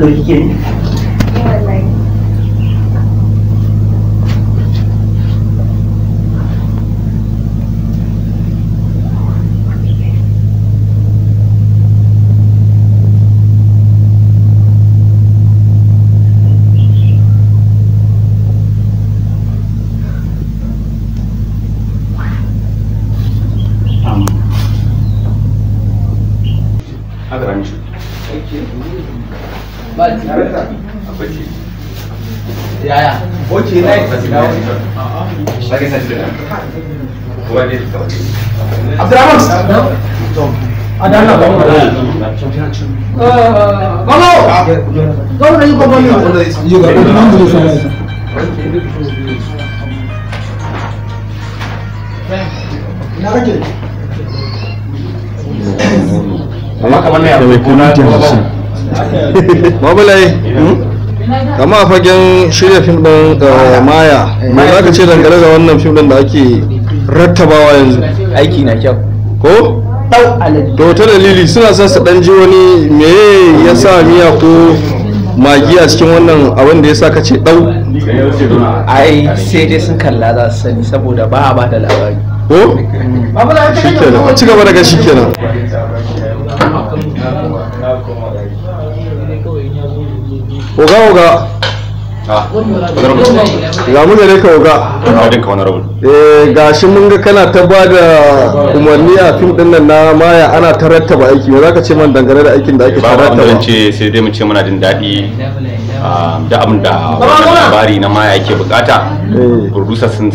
对眼。Bacci. Yaya? Bacci na yi sassi dawo. Sake sassi da Kuma ne ta waje. Abdurrahman! Adana ba mu da. Gomo! Gomo da yi gomo yi. Yi gomo da yi gomo yi. Na rage. amma kamar na hmm? fagen shirya fim ɗin uh, maya za ka ce dangane wannan fim ɗin da ake rattabawa yanzu aiki ko to ta dalili suna son su ji wani me ya sa miya ko magi a cikin wannan abin da ya sa ka ce dau ai sai dai sun kalla za su sani saboda ba a ba da labari ko hmm. shikenan. ci gaba daga shi kenan oga oga ah, ga mu gare ka oga eh gashi mun ga kana ta ba da umarni a fim din nan na maya ana ta rattaba aiki me zaka ce man dangane da aikin da ake ta rattaba ba ce sai dai mu ce muna jin daɗi Ah, da abin da labari na maya ke bukata burdusa eh. sun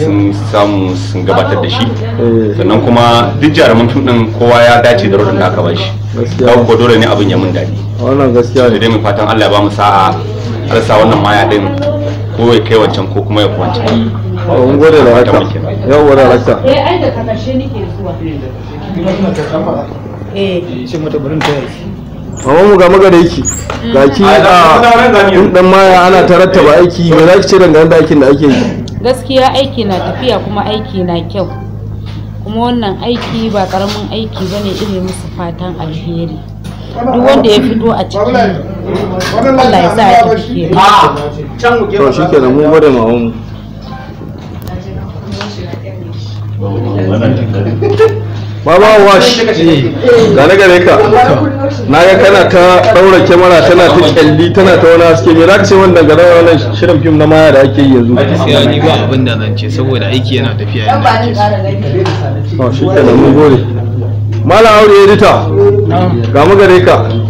samu sun gabatar da shi eh. sannan kuma duk jarumin tun din kowa ya dace da rodin da aka ba shi ko dole ne abin ya mun daɗi wannan gaskiya ne dai mu fatan Allah ya ba mu sa'a har sa wannan maya din ko ya kai wancan ko kuma ya kwanci. mun gode da haka yau da rasa eh ai da kashe nake zuwa eh, eh. shi mata burin ta yake Mamanmu mu ga maga da yake ga ki a maya ana ta rattaba aiki me za ki ce dangane da aikin da ake yi gaskiya aiki na tafiya kuma aiki na kyau kuma wannan aiki ba karamin aiki ba ne irin musu fatan alheri duk wanda ya fito a cikin Allah ya sa ya ah, to shi ke mu gwada baba wash gane gare ka na ga kana ta ɗaura kyamara tana ta kyalli tana ta wani haske me za ka ce wannan gare wannan shirin fim na maya da ake yi yanzu gaskiya ni ba abin da zan ce saboda aiki yana tafiya yadda ake so to shikenan mun gode malam aure edita ga mu gare ka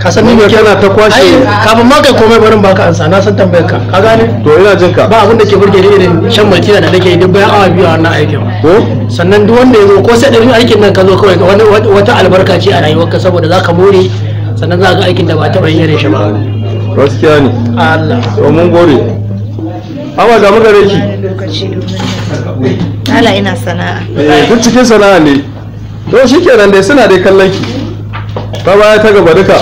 ka san ni kana ta kwashe kafin ma kai komai barin baka ansa na san tambayar ka ka gane to ina jin ka ba abin da ke burge ni irin shan maltina da nake duk bayan awa biyu a wannan aikin ko sannan duk wanda ya ko sai ɗari aikin nan ka zo kawai wata albarka ce a rayuwarka saboda za ka more sannan za ga aikin da ba taɓa yin irin shi ba gaskiya ne Allah to mun gode amma ga muka reki Allah ina sana'a eh duk cikin sana'a ne to shikenan dai suna dai kallon ki ta baya ta gaba duka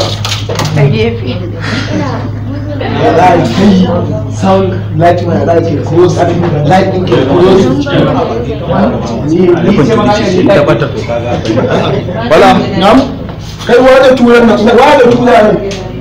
a gefe wallahi kai sound mai da ke ko sabin ni ce ne bala nam kai wa da turan nan wa da turan nan